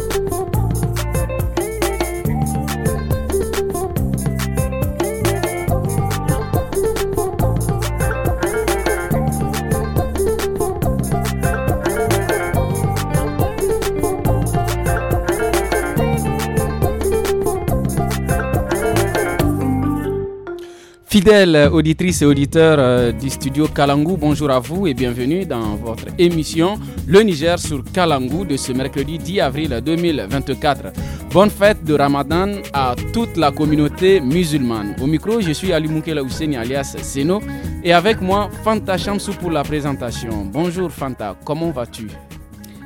Thank you. Fidèles auditrices et auditeurs euh, du studio Kalangu, bonjour à vous et bienvenue dans votre émission Le Niger sur Kalangu de ce mercredi 10 avril 2024. Bonne fête de Ramadan à toute la communauté musulmane. Au micro, je suis Ali Moukela Hussein, alias Seno et avec moi Fanta Chamsou pour la présentation. Bonjour Fanta, comment vas-tu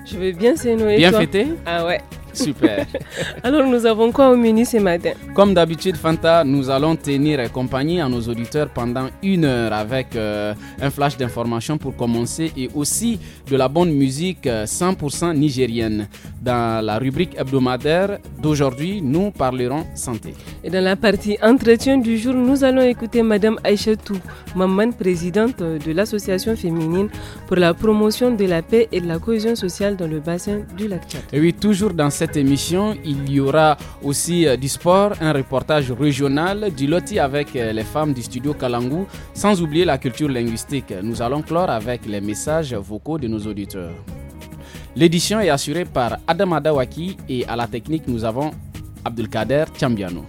Je vais bien Seno et Bien fêté Ah ouais, Super. Alors nous avons quoi au menu ce matin Comme d'habitude Fanta, nous allons tenir compagnie à nos auditeurs pendant une heure avec euh, un flash d'informations pour commencer et aussi de la bonne musique 100% euh, nigérienne. Dans la rubrique hebdomadaire d'aujourd'hui, nous parlerons santé. Et dans la partie entretien du jour, nous allons écouter Madame Aichetou, maman présidente de l'association féminine pour la promotion de la paix et de la cohésion sociale dans le bassin du lac Tchad. Et oui, toujours dans cette cette émission, il y aura aussi euh, du sport, un reportage régional, du loti avec euh, les femmes du studio Kalangu, sans oublier la culture linguistique. Nous allons clore avec les messages vocaux de nos auditeurs. L'édition est assurée par Adam Adawaki et à la technique, nous avons Abdelkader Tchambiano.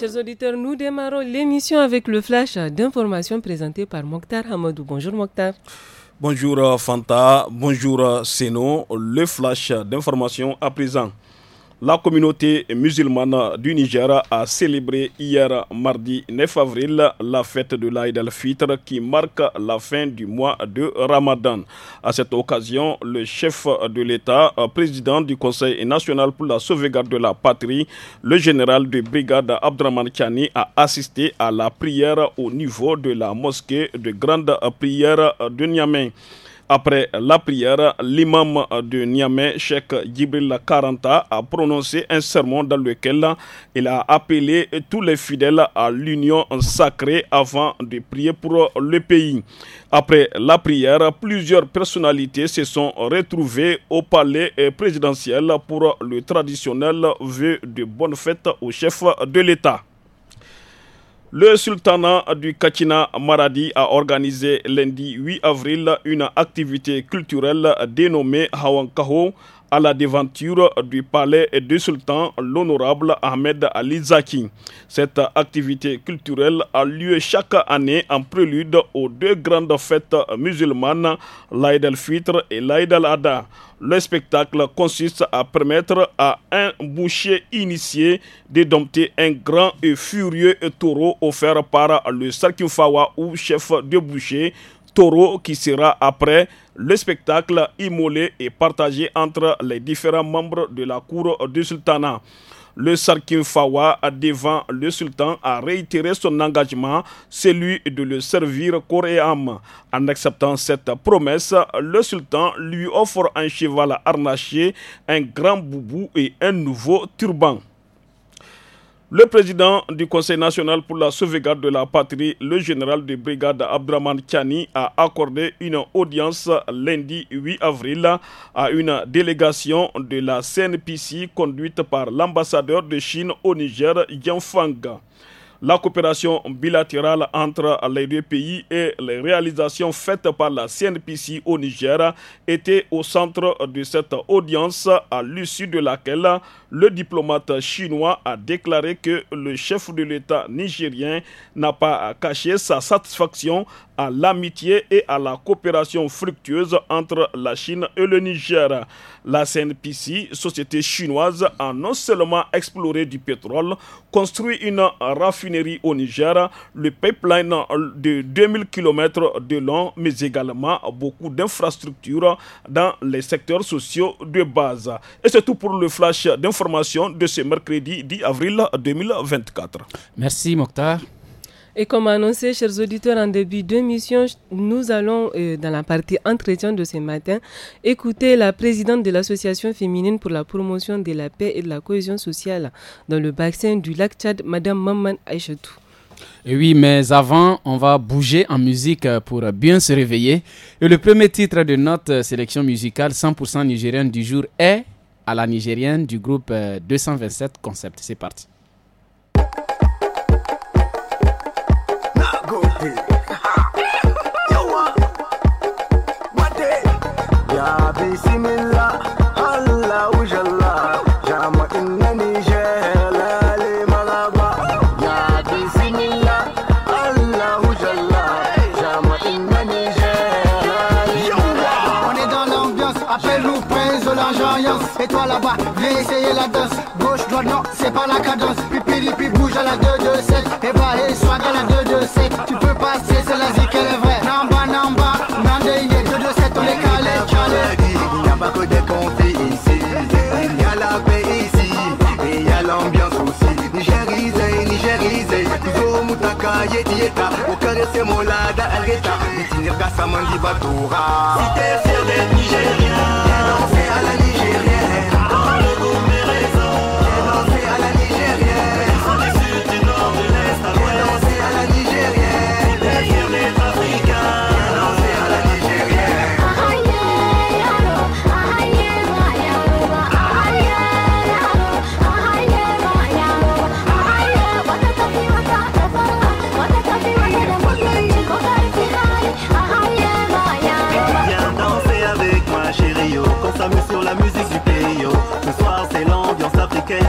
Chers auditeurs, nous démarrons l'émission avec le flash d'information présenté par Mokhtar Hamadou. Bonjour Mokhtar. Bonjour Fanta, bonjour Seno. Le flash d'information à présent. La communauté musulmane du Niger a célébré hier mardi 9 avril la fête de l'Aïd al-Fitr qui marque la fin du mois de Ramadan. À cette occasion, le chef de l'État, président du Conseil national pour la sauvegarde de la patrie, le général de brigade Abdraman Chani, a assisté à la prière au niveau de la mosquée de grande prière de Niamey. Après la prière, l'imam de Niamey, Cheikh Djibril Karanta, a prononcé un sermon dans lequel il a appelé tous les fidèles à l'union sacrée avant de prier pour le pays. Après la prière, plusieurs personnalités se sont retrouvées au palais présidentiel pour le traditionnel vœu de bonne fête au chef de l'État. Le sultanat du Kachina Maradi a organisé lundi 8 avril une activité culturelle dénommée Hawankaho à la devanture du palais du sultan, l'honorable Ahmed Ali Zaki. Cette activité culturelle a lieu chaque année en prélude aux deux grandes fêtes musulmanes, l'Aïd al-Fitr et l'Aïd al-Adha. Le spectacle consiste à permettre à un boucher initié de dompter un grand et furieux taureau offert par le Sarkifawa ou chef de boucher taureau qui sera après le spectacle immolé et partagé entre les différents membres de la cour du sultanat. Le Sarkin Fawa, devant le sultan, a réitéré son engagement, celui de le servir corps et En acceptant cette promesse, le sultan lui offre un cheval harnaché, un grand boubou et un nouveau turban. Le président du Conseil national pour la sauvegarde de la patrie, le général de brigade Abdraman Tchani, a accordé une audience lundi 8 avril à une délégation de la CNPC conduite par l'ambassadeur de Chine au Niger, Yang Fang la coopération bilatérale entre les deux pays et les réalisations faites par la CNPC au Niger étaient au centre de cette audience à l'issue de laquelle le diplomate chinois a déclaré que le chef de l'État nigérien n'a pas caché sa satisfaction à l'amitié et à la coopération fructueuse entre la Chine et le Niger. La CNPC, société chinoise, a non seulement exploré du pétrole, construit une raffinerie au Niger, le pipeline de 2000 km de long, mais également beaucoup d'infrastructures dans les secteurs sociaux de base. Et c'est tout pour le flash d'information de ce mercredi 10 avril 2024. Merci Mokhtar. Et comme annoncé, chers auditeurs, en début d'émission, nous allons, euh, dans la partie entretien de ce matin, écouter la présidente de l'Association féminine pour la promotion de la paix et de la cohésion sociale dans le bassin du lac Tchad, Madame Maman Aïchetou. oui, mais avant, on va bouger en musique euh, pour bien se réveiller. Et le premier titre de notre euh, sélection musicale 100% nigérienne du jour est à la nigérienne du groupe 227 Concept. C'est parti. bismillah Allahu jalla jama'in na Niger lale la ya bismillah Allahu jalla une na Niger On est dans l'ambiance, appelle-nous prince la jaillance Et toi là-bas, viens essayer la danse Gauche, droite, non, c'est pas la cadence Pipi, pipi, bouge à la deux C'est Kare se mola da algeta Mitinir kasa mandi batura Si t'es fier d'être Nigérien Viens danser à la nuit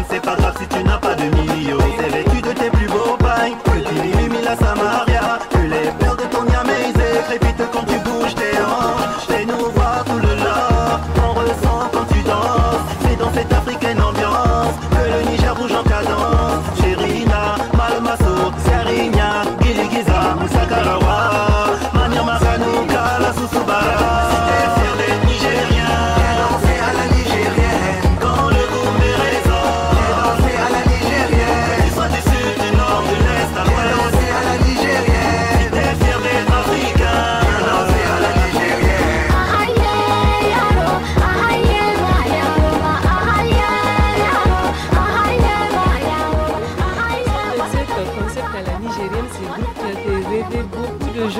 c'est pas grave si tu n'as pas de mise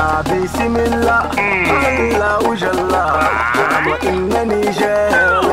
بسم الله الله وجل اللهم إنني جاوب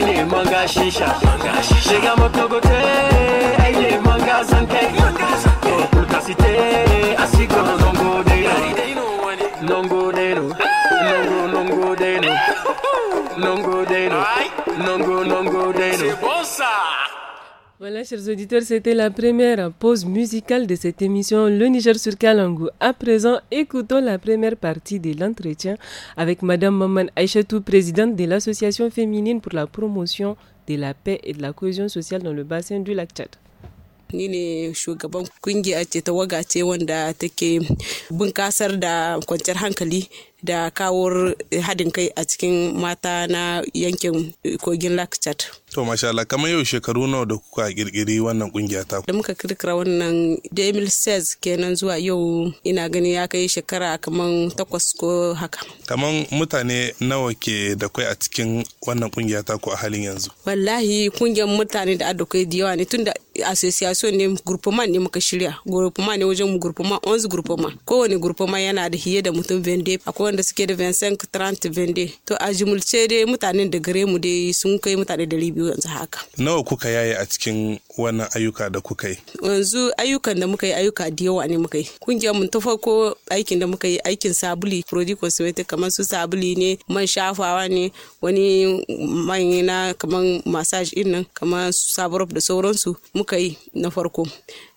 Il manga shiga Voilà, chers auditeurs, c'était la première pause musicale de cette émission Le Niger sur Kalangou. À présent, écoutons la première partie de l'entretien avec Madame Maman Aïchatou, présidente de l'Association féminine pour la promotion de la paix et de la cohésion sociale dans le bassin du lac Tchad. To masha Allah kamar yau shekaru nawa da kuka kirkiri wannan kungiya ta. Da muka kirkira wannan Demil Says kenan zuwa yau ina gani ya kai shekara kamar takwas ko haka. Kamar mutane nawa ke da kai a cikin wannan kungiya ta ku a halin yanzu. Wallahi kungiyar mutane da kai da yawa ne tunda association ne groupement ne muka shirya groupement ne wajen mu groupement 11 groupement kowane groupement yana da hiye da mutum 20 akwai wanda suke da 25 30 20 to a jumulce dai mutanen da gare mu dai sun kai mutane 200 yanzu haka nawa kuka yaye a cikin wannan ayyuka da kuka yi? Yanzu ayyukan da muka yi ayyuka da yawa ne muka yi. Kungiyar mu ta farko aikin da muka yi aikin sabuli prodi cosmetic kamar su sabuli ne man shafawa ne wani man na kamar massage din nan kamar su da sauransu muka yi na farko.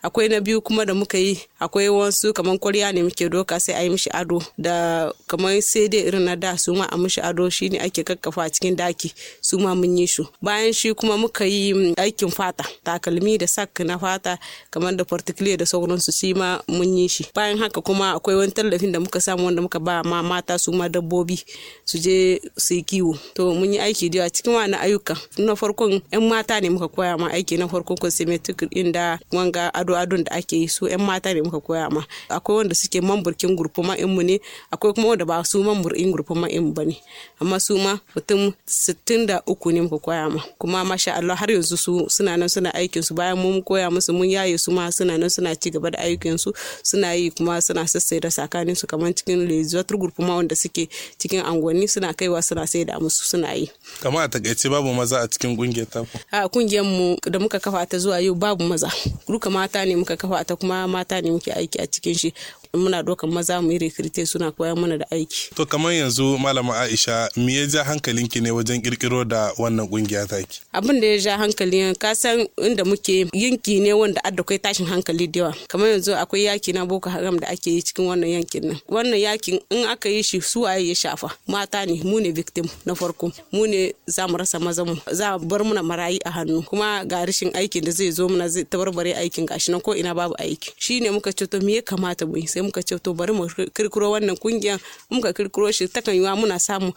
akwai na biyu kuma da muka yi akwai wasu kamar kwarya ne muke doka sai a yi mishi ado da kamar sai dai irin na da su ma a mishi ado shine ake kakkafa cikin daki su ma mun yi shi bayan shi kuma muka yi aikin fata takalmi da sak na fata kamar da particular da sauransu shi ma mun yi shi bayan haka kuma akwai wani tallafin da muka samu wanda muka ba ma mata su ma dabbobi su je su yi kiwo to mun yi aiki da cikin wani ayyuka na farkon yan mata ne muka koya ma aiki na farkon cosmetic inda wanga ado adon da ake yi su yan mata ne muka koya ma akwai wanda suke mamburkin gurfu ma mu ne akwai kuma wanda ba su mamburkin gurfu ma mu bane amma su ma mutum 63 ne muka koya ma kuma masha Allah har yanzu su suna nan suna aiki aikin su bayan mun koya musu mun yaye su ma suna nan suna ci gaba da aikin su suna yi kuma suna da tsakanin su kamar cikin lezuwatar gurfu ma wanda suke cikin angwani suna kaiwa suna sai da musu suna yi kama a takaice babu maza a cikin kungiyar ta a kungiyar mu da muka kafa ta zuwa yau babu maza duka mata ne muka kafa ta kuma mata ne muke aiki a cikin shi muna dokan maza mu yi suna koya mana da aiki. To kamar yanzu malama Aisha me ya ja hankalinki ne wajen kirkiro da wannan kungiya taki? Abin da ya ja hankali ka san inda muke yanki ne wanda adda kai tashin hankali da yawa. Kamar yanzu akwai yaki na Boko Haram da ake yi cikin wannan yankin nan. Wannan yakin in aka yi shi su waye ya shafa mata ne mu ne victim na farko mu ne za mu rasa maza mu za bar muna marayi a hannu kuma ga rashin aikin da zai zo muna zai tabarbare aikin gashi nan ko ina babu aiki Shi ne muka ce to me ya kamata mu yi sai sai muka ce to bari mu kirkiro wannan kungiyan muka kirkiro shi takan yiwa muna samu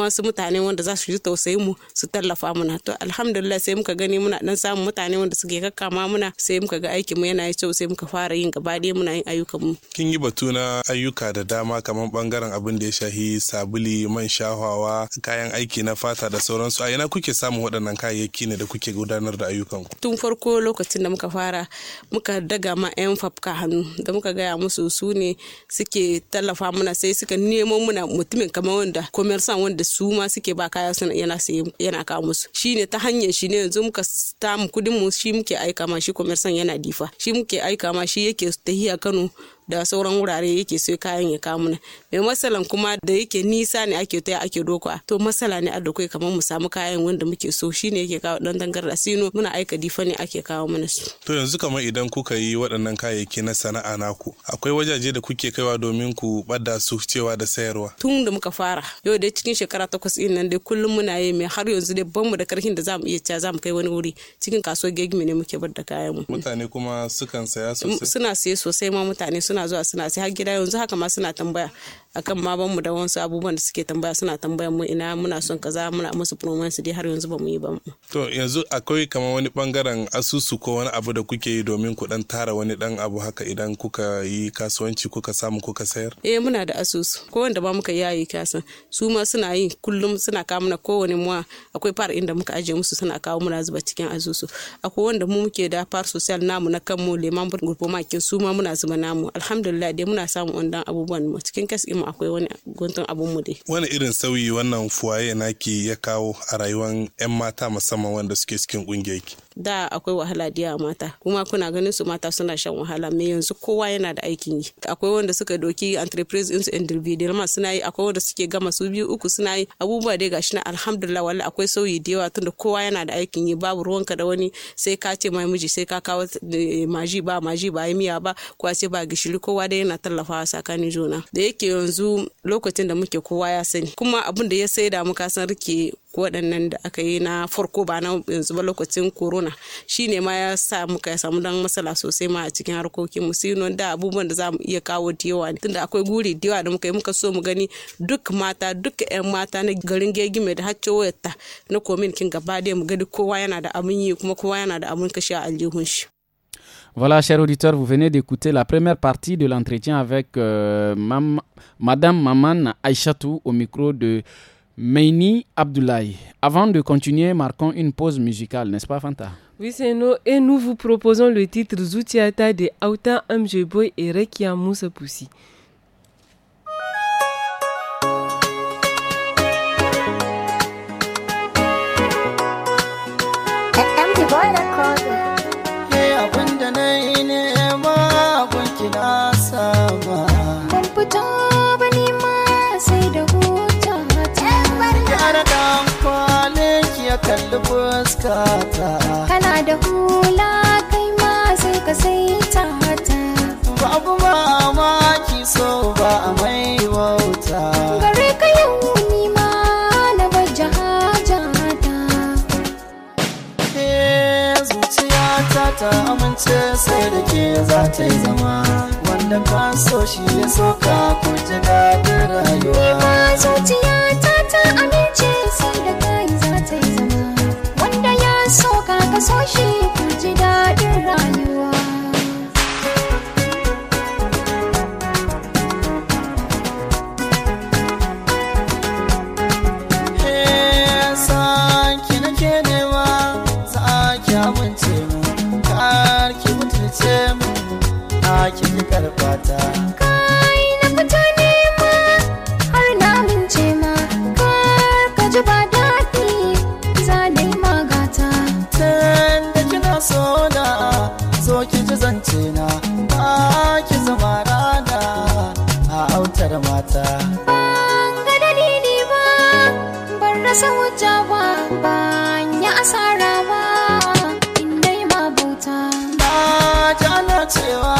wasu mutane wanda za su ji tausayin mu su tallafa muna to alhamdulillah sai muka gani muna dan samun mutane wanda suke kakkama muna sai muka ga aikin mu yana kyau sai muka fara yin gaba dai muna yin ayyukan mu kin yi batu na ayyuka da dama kamar bangaren abin da ya shahi sabuli man shahawa kayan aiki na fata da sauransu a ina kuke samun waɗannan kayayyaki ne da kuke gudanar da ayyukan ku tun farko lokacin da muka fara muka daga ma yan fafka hannu da muka gaya musu su ne suke tallafa muna sai suka nemo muna mutumin kamar wanda commerçant wanda da su ma suke ba kaya suna yana saye yana kawo musu shine ta hanyar shi ne yanzu muka mu kudin mu shi muke aika ma shi commerçant yana difa shi muke aika ma shi yake tahiya Kano da sauran wurare yake sai kayan ya kamu na mai masalan kuma da yake nisa ne ake taya ake doka to masala ne a kai kamar mu samu kayan wanda muke so shine yake kawo dan da sino muna aika difa ne ake kawo mana su to yanzu kamar idan kuka yi waɗannan kayayyaki na sana'a naku akwai wajaje da kuke kaiwa domin ku bada su cewa da sayarwa tun da muka fara yau da cikin shekara takwas ɗin nan dai kullum muna yi mai har yanzu dai banmu da karhin da zamu iya ca zamu kai wani wuri cikin kaso gegime ne muke bar da kayan mu mutane kuma sukan saya sosai suna saye sosai ma mutane suna zuwa suna sai har gida yanzu haka ma suna tambaya akan ma banmu da wasu abubuwan da suke tambaya suna tambayan mu ina muna son kaza muna musu promise dai har yanzu ba yi ba to yanzu akwai kamar wani bangaren asusu ko wani abu da kuke yi domin ku dan tara wani dan abu haka idan kuka yi kasuwanci kuka samu kuka sayar eh muna da asusu ko wanda ba muka yayi kasan su ma suna yi yi kullum suna kawo mana kowane muwa akwai far inda muka aje musu suna kawo mana zuba cikin azusu akwai wanda mu muke da far social namu na kanmu leman gurbo makin su ma muna zuba namu alhamdulillah dai muna samun wannan abubuwan mu cikin kas mu akwai wani guntun abun mu dai wani irin sauyi wannan fuwaye naki ya kawo a rayuwar yan mata musamman wanda suke cikin kungiyar da akwai wahala diya mata kuma kuna ganin su mata suna shan wahala me yanzu kowa yana da aikin yi akwai wanda suka doki entreprise insu individual ma suna yi akwai wanda suke gama su biyu uku suna yi abubuwa dai gashi na alhamdulillah wallahi akwai sauyi da yawa tunda kowa yana da aikin yi babu ruwanka da wani sai ka ce mai miji sai ka kawo eh, maji ba maji ba yi miya ba kowa sai ba gishiri kowa dai yana tallafawa tsakanin juna da yake yanzu lokacin da muke kowa ya sani kuma abin da ya saida muka san rike waɗannan da aka yi na farko ba na yanzu ba lokacin corona shi ne ma ya sa muka samu dan masala sosai ma a cikin harkokin mu sai da abubuwan da za mu iya kawo da yawa ne tunda akwai guri da yawa da muka yi muka so mu gani duk mata duk yan mata na garin gegime da hacce wayarta na komin kin gaba da mu gani kowa yana da abin yi kuma kowa yana da abin kashe a aljihun shi Voilà, chers auditeurs, vous venez d'écouter la première partie de l'entretien avec euh, Mam Madame Maman Aïchatou au micro de Meini Abdoulaye. Avant de continuer, marquons une pause musicale, n'est-ce pas Fanta Oui, c'est nous. Et nous vous proposons le titre Zoutiata de Auta Boy et Rekia Moussa Poussi. kalli fuskata kana da hula kai ma sai ka sai ta hata babu mamaki so ba a mai wauta gare ka yau ni ma na bajja hajata eh zuciyata ta amince sai da ke za ta yi zama wanda ka so shi ya so ka ku daɗin rayuwa zuciyata ta amince so shi ku daɗin rayuwa E! Saki nake nema za a ki amince mu kar ki mutunce mu a ki karfata rasa hujja ba ban yi asara ba inda ma bauta ba jana cewa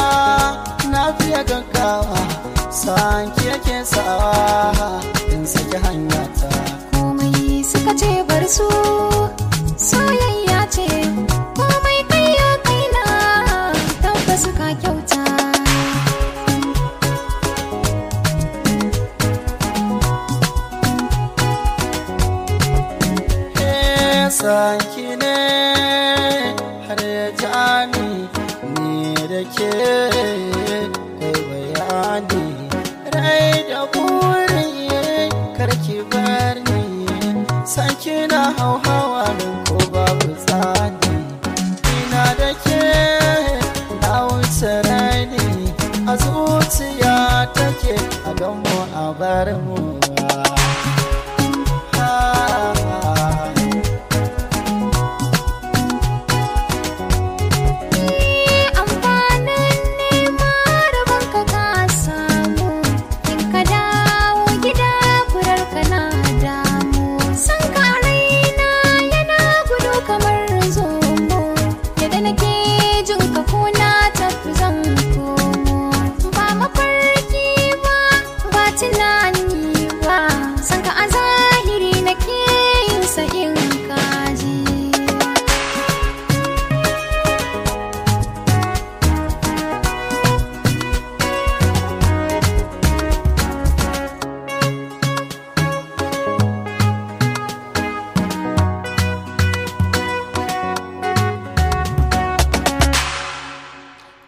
na fiye gaggawa san keke sawa in saki hanyata komai suka ce bar su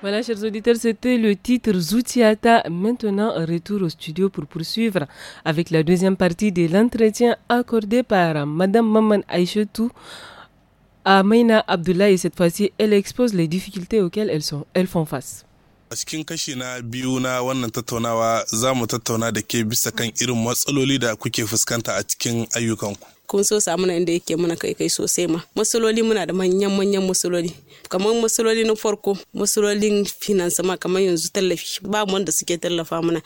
Voilà, chers auditeurs, c'était le titre Zoutiata. Maintenant, retour au studio pour poursuivre avec la deuxième partie de l'entretien accordé par Madame Maman Aïchetou à Maina et Cette fois-ci, elle expose les difficultés auxquelles elles, sont, elles font face. kun so samu inda yake muna kai kai sosai ma masaloli muna da manyan manyan masaloli kamar masaloli na farko masalolin finance ma kamar yanzu tallafi ba mu wanda suke tallafa mana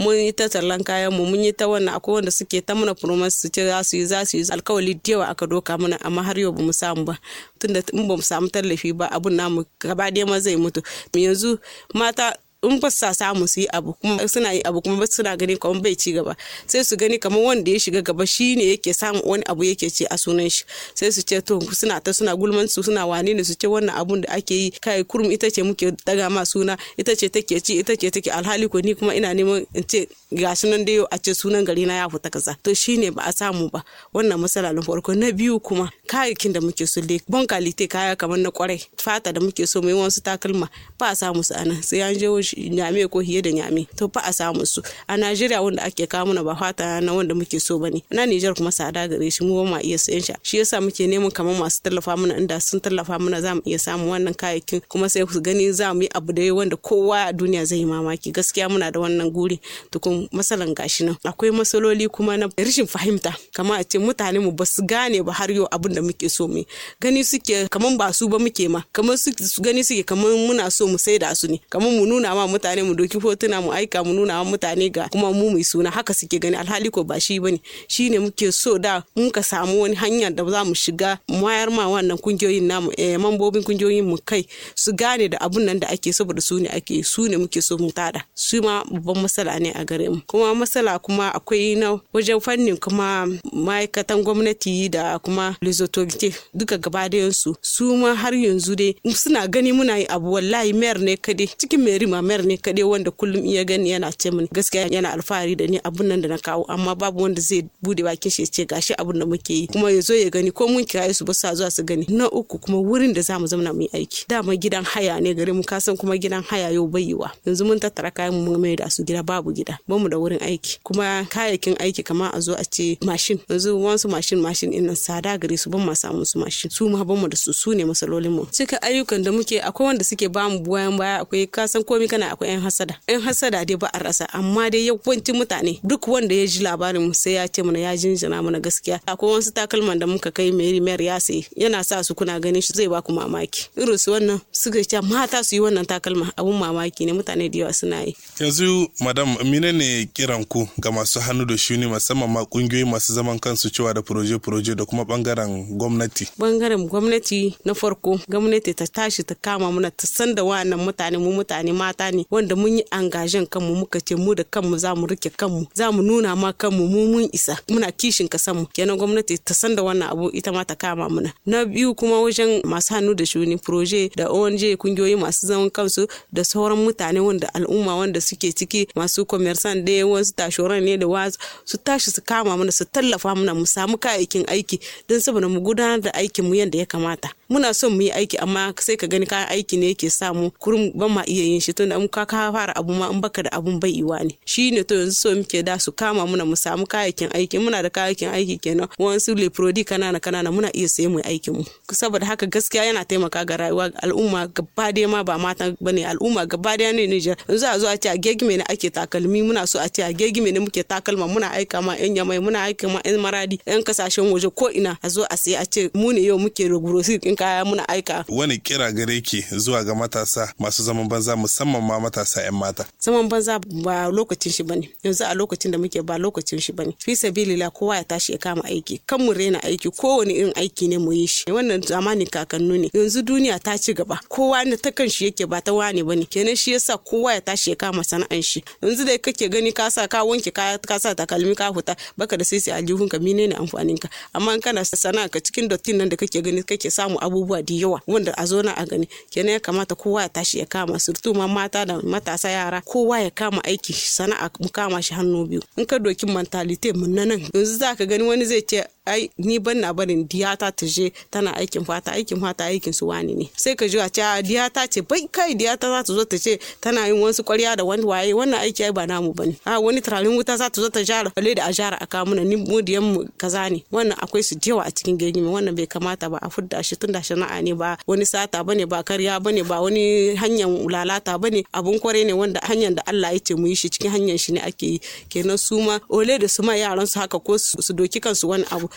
mun yi ta tallan kayan mu mun yi ta wannan akwai wanda suke ta mana promise su ce za su yi za su yi alkawali da yawa aka doka mana amma har yau bamu samu ba tunda in bamu samu tallafi ba abun namu gaba ɗaya ma zai mutu yanzu mata in ba sa samu su yi abu kuma suna yi abu kuma suna gani kamar bai ci gaba sai su gani kamar wanda ya shiga gaba shi ne yake samu wani abu yake ce a sunan shi sai su ce to suna ta suna gulman su suna wane ne su ce wannan abun da ake yi kai kurum ita ce muke daga ma suna ita ce take ci ita ce take alhali ko ni kuma ina neman in ce ga sunan da yau a ce sunan gari na ya fita kaza to shine ba a samu ba wannan na farko na biyu kuma kayayyakin da muke so le bon kalite kaya kamar na kwarai fata da muke so mai yi wasu takalma ba a samu su anan sai an je waje nyame ko hiye da nyame to fa a samu su a najeriya wanda ake kawo mana ba fata na wanda muke so bane na nijar kuma sada gare shi mu ma iya sayan shi shi yasa muke neman kamar masu tallafa mana inda sun tallafa mana zamu iya samu wannan kayayyakin kuma sai ku gani zamu yi abu da wanda kowa a duniya zai yi mamaki gaskiya muna da wannan guri tukun masalan gashi nan akwai masaloli kuma na rashin fahimta kamar a ce mutane mu ba su gane ba har yau abin da muke so mu gani suke kamar ba su ba muke ma kamar su gani suke kamar muna so mu sai da su ne kamar mu nuna ma mutane mu doki hotuna mu aika mu nuna wa mutane ga kuma mu mai suna haka suke gani alhali ko ba shi bane shine muke so da mun ka samu wani hanya da za mu shiga mayar ma wannan kungiyoyin namu eh, mambobin kungiyoyin mu kai su gane da abun nan da ake saboda su ne ake su ne muke so mu tada su ma babban matsala ne a gare mu kuma matsala kuma akwai na wajen fannin kuma ma'aikatan gwamnati da kuma lizotogite duka gaba su su ma har yanzu dai suna gani muna yi abu wallahi mayar ne kadai cikin ma. mer ne kaɗai wanda kullum iya gani yana ce mini gaskiya yana alfahari da ni abun nan da na kawo amma babu wanda zai bude bakin kishi ce gashi abun da muke yi kuma yazo zo ya gani ko mun kiraye su ba sa zuwa su gani na uku kuma wurin da zamu zauna mu yi aiki dama gidan haya ne gare mu kasan kuma gidan haya yau baiwa yanzu mun tattara kayan mu mai da su gida babu gida ba mu da wurin aiki kuma kayayyakin aiki kamar a zo a ce mashin yanzu wasu mashin mashin din nan sada gare su ban ma samu su mashin su ma ban mu da su su ne masalolin mu cika ayyukan da muke akwai wanda suke bamu bayan baya akwai kasan komai magana akwai 'yan hasada 'yan hasada dai ba a rasa amma dai yawancin mutane duk wanda ya ji labarin mu sai ya ce mana ya jinjina mana gaskiya akwai wasu takalman da muka kai mai mayar ya sayi yana sa su kuna ganin shi zai ba ku mamaki irin su wannan suka ce mata su yi wannan takalma abun mamaki ne mutane da yawa suna yi yanzu madam mine ne kiran ku ga masu hannu da shuni musamman ma kungiyoyi masu zaman kansu cewa da proje proje da kuma bangaren gwamnati bangaren gwamnati na farko gwamnati ta tashi ta kama muna ta san da wannan mutane mu mutane mata mata ne wanda mun yi angajen kanmu muka ce mu da kanmu za mu rike kanmu za mu nuna ma kanmu mu mun isa muna kishin kasan mu kenan gwamnati ta san da wannan abu ita ma ta kama muna na biyu kuma wajen masu hannu da shuni proje da ONG kungiyoyi masu zaman kansu da sauran mutane wanda al'umma wanda suke ciki masu commerçant da wasu tashoran ne da wasu su tashi su kama mana su tallafa mana mu samu kayayyakin aiki don saboda mu gudanar da aikin mu yadda ya kamata muna son mu yi aiki amma sai ka gani kayan aiki ne yake samu kurum ban ma iya yin shi tun tunda in ka fara abu ma in baka da abun bai iwa ne ne to yanzu so muke da su kama muna mu samu kayayyakin aiki muna da kayayyakin aiki kenan wasu leprodi kanana kanana muna iya sayi mu aikin mu saboda haka gaskiya yana taimaka ga rayuwa al'umma gaba daya ma ba mata bane al'umma gaba daya ne Niger yanzu a zo a ce a gegime ne ake takalmi muna so a ce a gegime ne muke takalma muna aika ma yan yamai muna aika ma yan maradi yan kasashen waje ko ina a zo a sayi a ce mu ne yau muke rogurosir in kaya muna aika wani kira gare ki zuwa ga matasa masu zaman banza musamman ma matasa 'yan mata. Zaman banza ba lokacin shi bane yanzu a lokacin da muke ba lokacin shi bane fi bilila kowa ya tashi ya kama aiki kan mu rena aiki kowane irin aiki ne mu yi shi wannan zamanin kakannu ne yanzu duniya ta ci gaba kowa ne ta kan shi yake ba ta wane bane kenan shi yasa kowa ya tashi ya kama sana'an shi yanzu dai kake gani ka sa ka wanke ka ka sa takalmi ka huta baka da sai sai aljihun ka mine ne amfanin ka amma in kana sana'a ka cikin dottin nan da kake gani kake samu abubuwa da yawa wanda a zo na a gani kenan ya kamata kowa ya tashi ya kama surtu ma mata mata da matasa yara kowa ya kama aiki sana'a mu kama shi hannu biyu in ka doki mentality mun nan yanzu za ka gani wani zai ce ai ni ban na barin diyata ta je tana aikin fata aikin fata aikin su wani ne sai ka ji a cewa diyata ce bai kai diyata za ta zo ta ce tana yin wasu kwarya da wani waye wannan aiki ai ba namu ne a wani turaren wuta za ta zo ta jara bale da a jara a kamuna ni mu diyan mu kaza ne wannan akwai su jewa a cikin mai wannan bai kamata ba a fudda shi tunda shana'a ne ba wani sata bane ba karya bane ba wani hanyar lalata bane abun kware ne wanda hanyar da Allah ya ce mu yi shi cikin hanyar shi ne ake yi kenan su ma ole da su ma yaran su haka ko su doki kansu wani abu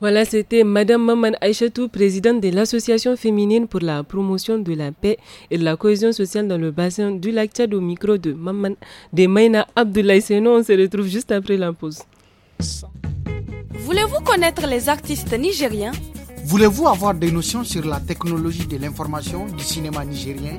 Voilà, c'était Madame Maman Aïchatou, présidente de l'Association féminine pour la promotion de la paix et de la cohésion sociale dans le bassin du lac Tchad au micro de Maman de Abdoulaye Seno. On se retrouve juste après la pause. Voulez-vous connaître les artistes nigériens Voulez-vous avoir des notions sur la technologie de l'information du cinéma nigérien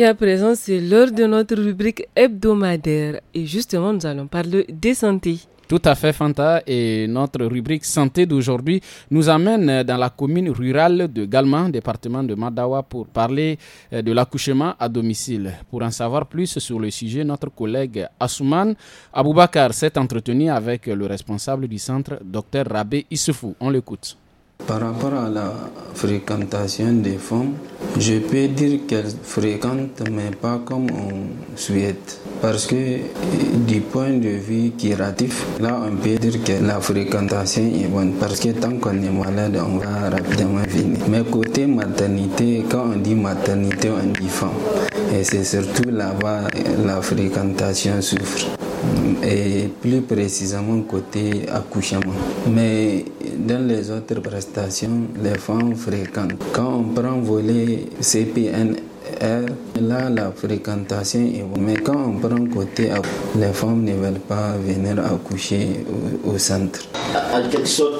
Et à présent, c'est l'heure de notre rubrique hebdomadaire. Et justement, nous allons parler des santé. Tout à fait, Fanta. Et notre rubrique santé d'aujourd'hui nous amène dans la commune rurale de Galman, département de Madawa, pour parler euh, de l'accouchement à domicile. Pour en savoir plus sur le sujet, notre collègue Assouman Aboubakar s'est entretenu avec le responsable du centre, Dr Rabé Issoufou. On l'écoute. Par rapport à la fréquentation des femmes, je peux dire qu'elles fréquentent, mais pas comme on souhaite. Parce que du point de vue curatif, là on peut dire que la fréquentation est bonne. Parce que tant qu'on est malade, on va rapidement venir. Mais côté maternité, quand on dit maternité, on dit femme. Et c'est surtout là-bas la fréquentation souffre et plus précisément côté accouchement. Mais dans les autres prestations, les femmes fréquentent. Quand on prend volet CPNR, là la fréquentation est bonne. Mais quand on prend côté les femmes ne veulent pas venir accoucher au, centre.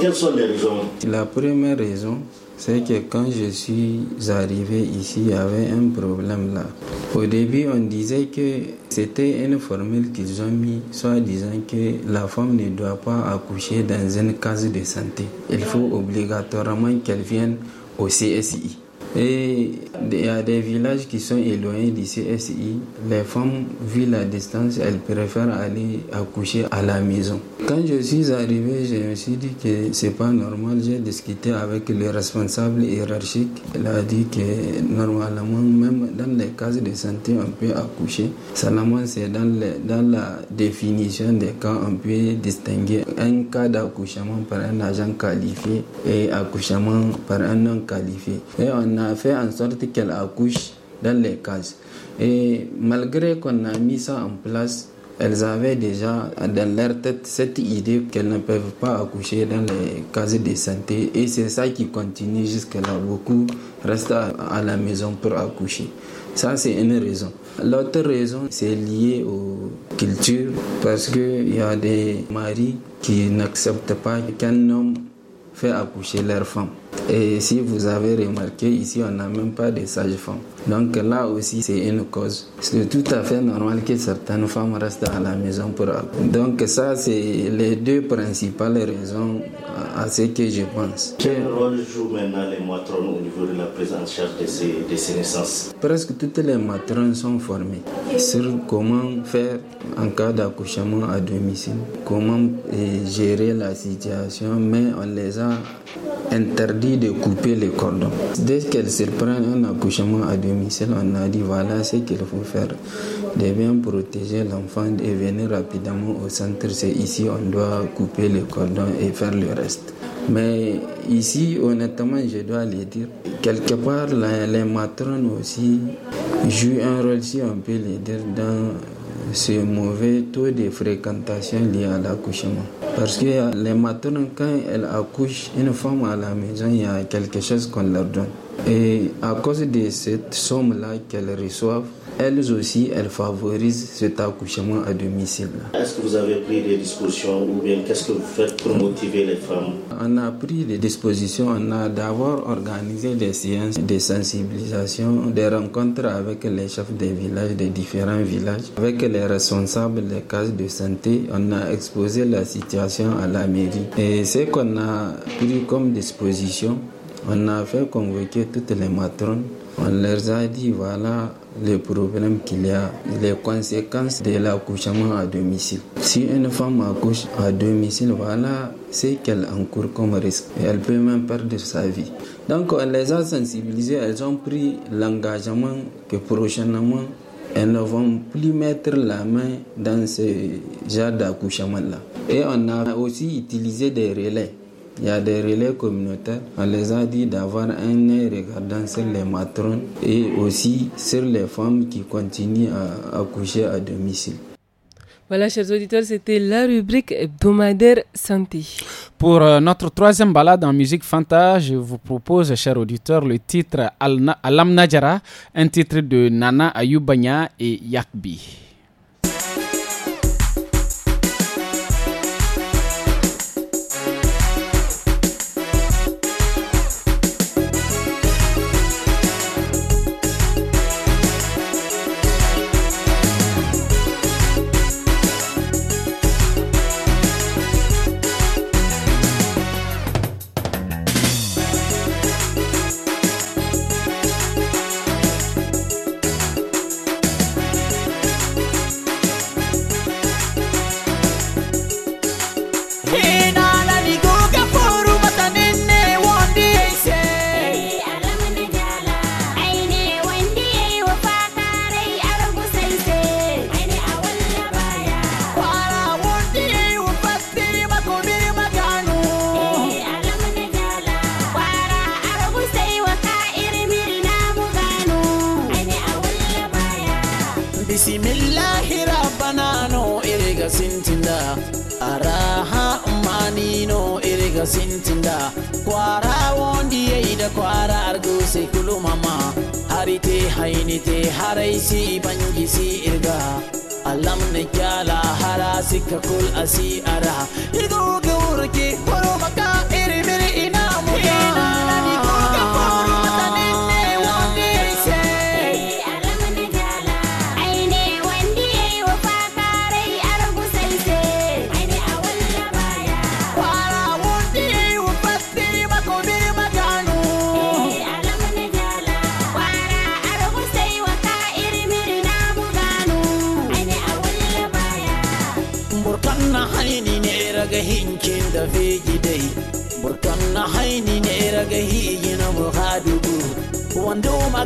quelles sont les raisons La première raison, c'est que quand je suis arrivé ici, il y avait un problème là. Au début, on disait que c'était une formule qu'ils ont mis, soit disant que la femme ne doit pas accoucher dans une case de santé. Il faut obligatoirement qu'elle vienne au CSI. Et il y a des villages qui sont éloignés du CSI. Les femmes, vu la distance, elles préfèrent aller accoucher à la maison. Quand je suis arrivé, je me suis dit que c'est pas normal. J'ai discuté avec le responsable hiérarchique. Il a dit que normalement, même dans les cases de santé, on peut accoucher. Seulement, c'est dans, dans, la définition des cas, on peut distinguer un cas d'accouchement par un agent qualifié et accouchement par un non qualifié. Et on a fait en sorte qu'elle accouche dans les cases. Et malgré qu'on a mis ça en place, elles avaient déjà dans leur tête cette idée qu'elles ne peuvent pas accoucher dans les cases de santé. Et c'est ça qui continue jusqu'à là. Beaucoup restent à la maison pour accoucher. Ça, c'est une raison. L'autre raison, c'est lié aux cultures, parce qu'il y a des maris qui n'acceptent pas qu'un homme fait accoucher leur femme. Et si vous avez remarqué, ici, on n'a même pas de sages-femmes. Donc là aussi, c'est une cause. C'est tout à fait normal que certaines femmes restent à la maison pour... Donc ça, c'est les deux principales raisons à ce que je pense. Quel rôle jouent maintenant les matrones au niveau de la prise en charge de ces, naissances Presque toutes les matrones sont formées sur comment faire en cas d'accouchement à domicile, comment eh, gérer la situation, mais on les a interdits de couper les cordons. Dès qu'elles surprennent un accouchement à domicile, on a dit voilà ce qu'il faut faire. De bien protéger l'enfant et venir rapidement au centre. C'est ici on doit couper les cordons et faire le reste. Mais ici, honnêtement, je dois le dire, quelque part, les matrones aussi jouent un rôle, si on peut le dire, dans ce mauvais taux de fréquentation lié à l'accouchement. Parce que les matrones, quand elles accouchent une femme à la maison, il y a quelque chose qu'on leur donne. Et à cause de cette somme-là qu'elles reçoivent, elles aussi, elles favorisent cet accouchement à domicile. Est-ce que vous avez pris des dispositions ou bien qu'est-ce que vous faites pour motiver les femmes On a pris des dispositions. On a d'abord organisé des séances de sensibilisation, des rencontres avec les chefs des villages, des différents villages, avec les responsables des cases de santé. On a exposé la situation à la mairie. Et ce qu'on a pris comme disposition, on a fait convoquer toutes les matrones. On leur a dit voilà les problèmes qu'il y a, les conséquences de l'accouchement à domicile. Si une femme accouche à domicile, voilà ce qu'elle encourt comme risque. elle peut même perdre sa vie. Donc on les a sensibilisés, elles ont pris l'engagement que prochainement elles ne vont plus mettre la main dans ce genre d'accouchement-là. Et on a aussi utilisé des relais il y a des relais communautaires. On les a dit d'avoir un œil regardant sur les matrones et aussi sur les femmes qui continuent à accoucher à domicile. Voilà, chers auditeurs, c'était la rubrique hebdomadaire santé. Pour euh, notre troisième balade en musique Fanta, je vous propose, chers auditeurs, le titre Alam Najara, un titre de Nana Ayubanya et Yakbi.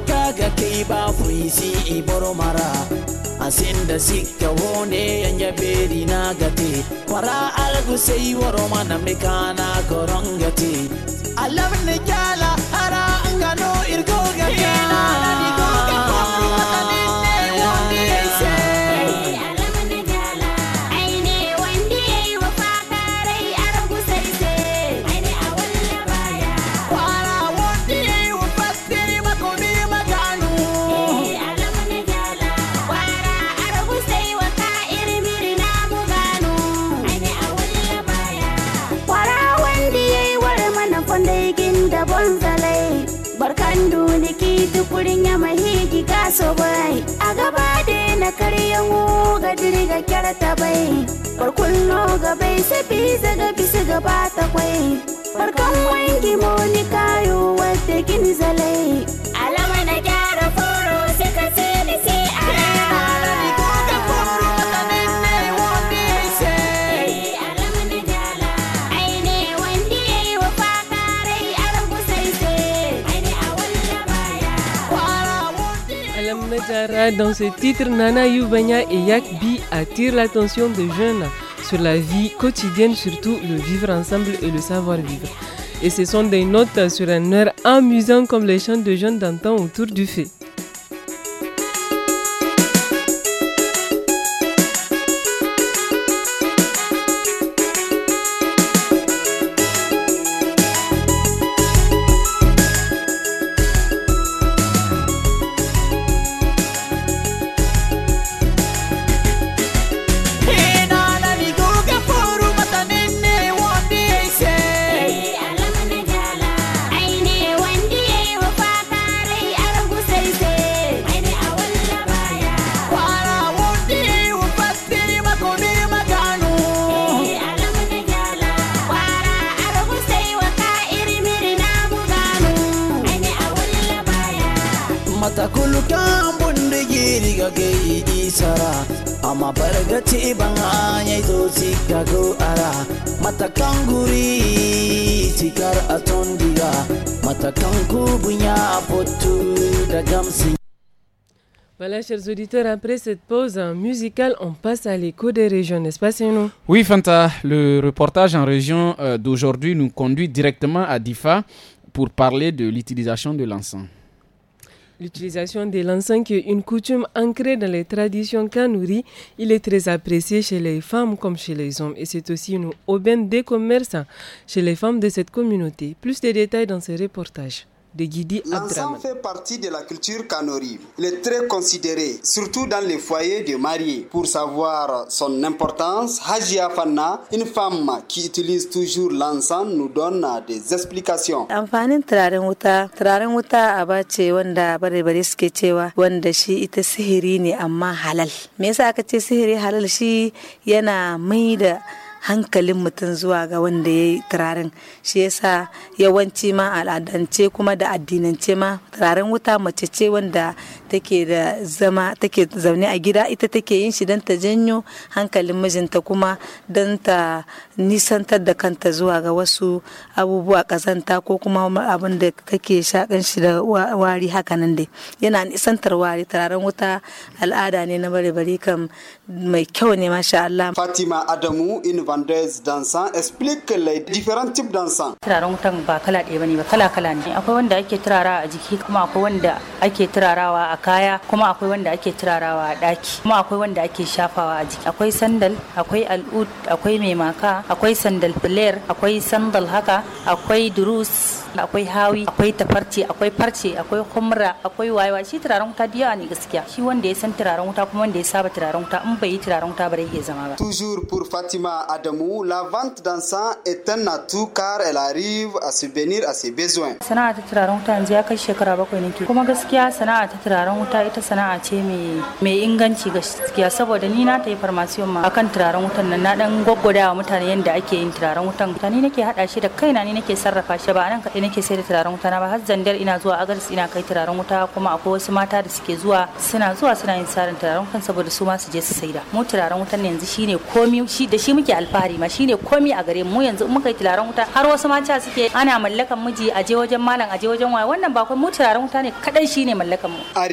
kaaga gatii baafuunsii iboroo mara. Asinda sikka woonee yanya beeri naa gate. Waraa algusee woroma namni kaanaa koron gate. Alabni jaala haraa nganoo irgoo gate. so bai a gaba da na karyawo ga diri kyar ta bai barkullo ga bai sai ga zaga su gaba ta kwai mo ni kayo wa wadda gini zalai dans ce titre, Nana Yubanya et Yakbi attirent l'attention des jeunes sur la vie quotidienne, surtout le vivre ensemble et le savoir-vivre. Et ce sont des notes sur un air amusant comme les chants de jeunes d'antan autour du fait. Voilà, chers auditeurs, après cette pause musicale, on passe à l'écho des régions, n'est-ce pas, Oui, Fanta, le reportage en région euh, d'aujourd'hui nous conduit directement à Difa pour parler de l'utilisation de l'encens. L'utilisation de l'encens est une coutume ancrée dans les traditions kanouri. Il est très apprécié chez les femmes comme chez les hommes et c'est aussi une aubaine des commerçants chez les femmes de cette communauté. Plus de détails dans ce reportage de Guidi L'encens fait partie de la culture canori. Il est très considéré, surtout dans les foyers de mariés. Pour savoir son importance, Haji Afana, une femme qui utilise toujours l'encens, nous donne des explications. Amfanin turaren wuta, turaren wuta aba ce wanda bare-bare suke cewa wanda shi ita sihiri ne amma halal. Me yasa aka ce sihiri halal shi yana mai hankalin mutum zuwa ga wanda ya yi turaren shi yasa yawanci ma al'adance kuma da addinance ma turaren wuta mace ce wanda take da zama take zaune a gida ita take yin shi don ta janyo hankalin mijinta kuma don ta nisantar da kanta zuwa ga wasu abubuwa kazanta ko kuma abin da kake shakan shi da wari hakanan dai yana nisantar wari turaren wuta al'ada ne na bare-bare kam mai kyau ne masha Allah. Fatima Adamu in Vandes Dansan explique les different types dansant. Turaren wutan ba kala ɗaya bane ba kala kala ne akwai wanda ake turara a jiki kuma akwai wanda ake turarawa a kaya kuma akwai wanda ake turarawa a daki kuma akwai wanda ake shafawa a jiki akwai sandal akwai al'ud akwai mai maka akwai sandal flare akwai sandal haka akwai durus akwai hawi akwai tafarce akwai farce akwai kumra akwai wayewa shi turaren wuta da yawa ne gaskiya shi wanda ya san turaren wuta kuma wanda ya saba turaren wuta in bai yi turaren wuta ba zai zama ba toujours pour Fatima Adamu la vente d'encens est un atout car elle arrive à subvenir à ses besoins sana'a ta turaren wuta yanzu ya kai shekara bakwai ne kuma gaskiya sana'a ta turaren turaren wuta ita sana'a ce mai inganci gaskiya saboda ni na tayi farmasiyon ma akan turaren wutan nan na dan gwaggwada wa mutane yadda ake yin turaren wutan ni nake hada shi da kaina ni nake sarrafa shi ba nan kadai nake sai da turaren wuta na ba har zandar ina zuwa agaris ina kai turaren wuta kuma akwai wasu mata da suke zuwa suna zuwa suna yin sarin turaren wutan saboda su ma su je su saida mu turaren wutan ne yanzu shine komi shi da shi muke alfahari ma shine komi a gare mu yanzu muka yi turaren wuta har wasu mata suke ana mallakan miji a je wajen malam a je wajen waya wannan ba mu turaren wuta ne kadai shine mallakan mu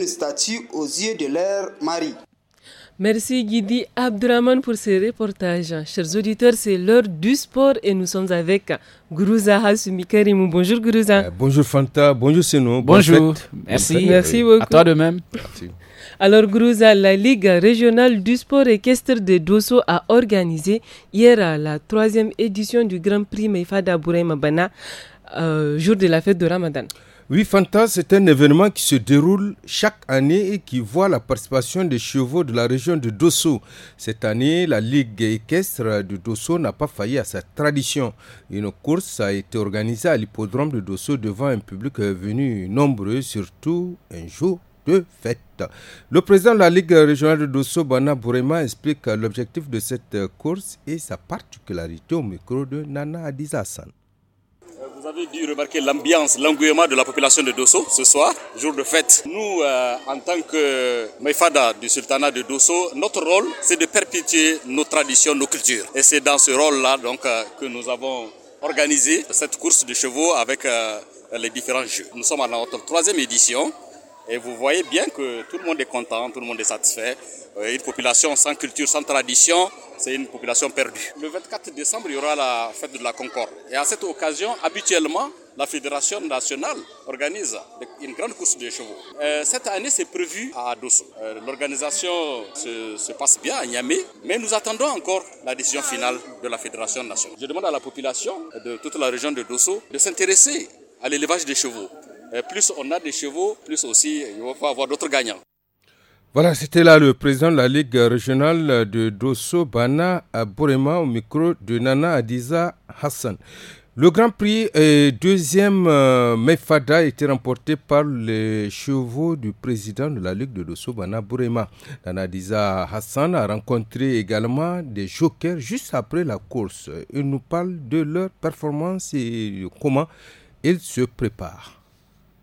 un statut aux yeux de leur mari. Merci Guidi Abdraman pour ce reportages. Chers auditeurs, c'est l'heure du sport et nous sommes avec Gourouza Hasumi Bonjour Gourouza. Euh, bonjour Fanta, bonjour Seno. Bonjour. Merci. Merci beaucoup. À toi de même. Alors Gourouza, la Ligue régionale du sport équestre de Dosso a organisé hier la troisième édition du Grand Prix Meifada Bourema Bana, euh, jour de la fête de Ramadan. Oui, Fanta, c'est un événement qui se déroule chaque année et qui voit la participation des chevaux de la région de Dosso. Cette année, la Ligue équestre de Dosso n'a pas failli à sa tradition. Une course a été organisée à l'hippodrome de Dosso devant un public venu nombreux, surtout un jour de fête. Le président de la Ligue régionale de Dosso, Bana Bourema, explique l'objectif de cette course et sa particularité au micro de Nana Adizasan. Euh, vous avez dû remarquer l'ambiance, l'engouement de la population de Dosso ce soir, jour de fête. Nous, euh, en tant que Maifada du sultanat de Dosso, notre rôle, c'est de perpétuer nos traditions, nos cultures. Et c'est dans ce rôle-là donc euh, que nous avons organisé cette course de chevaux avec les différents jeux. Nous sommes à notre troisième édition. Et vous voyez bien que tout le monde est content, tout le monde est satisfait. Euh, une population sans culture, sans tradition, c'est une population perdue. Le 24 décembre, il y aura la fête de la Concorde. Et à cette occasion, habituellement, la Fédération nationale organise une grande course de chevaux. Euh, cette année, c'est prévu à Dosso. Euh, l'organisation se, se, passe bien à Niamey, mais nous attendons encore la décision finale de la Fédération nationale. Je demande à la population de toute la région de Dosso de s'intéresser à l'élevage des chevaux. Euh, plus on a des chevaux, plus aussi il va avoir d'autres gagnants. Voilà, c'était là le président de la Ligue régionale de Dosso Bana à au micro de Nana Adiza Hassan. Le Grand Prix et deuxième euh, Mefada a été remporté par les chevaux du président de la Ligue de Dosso, Bana Burema. Nana Hassan a rencontré également des jokers juste après la course. Il nous parle de leur performance et comment ils se préparent.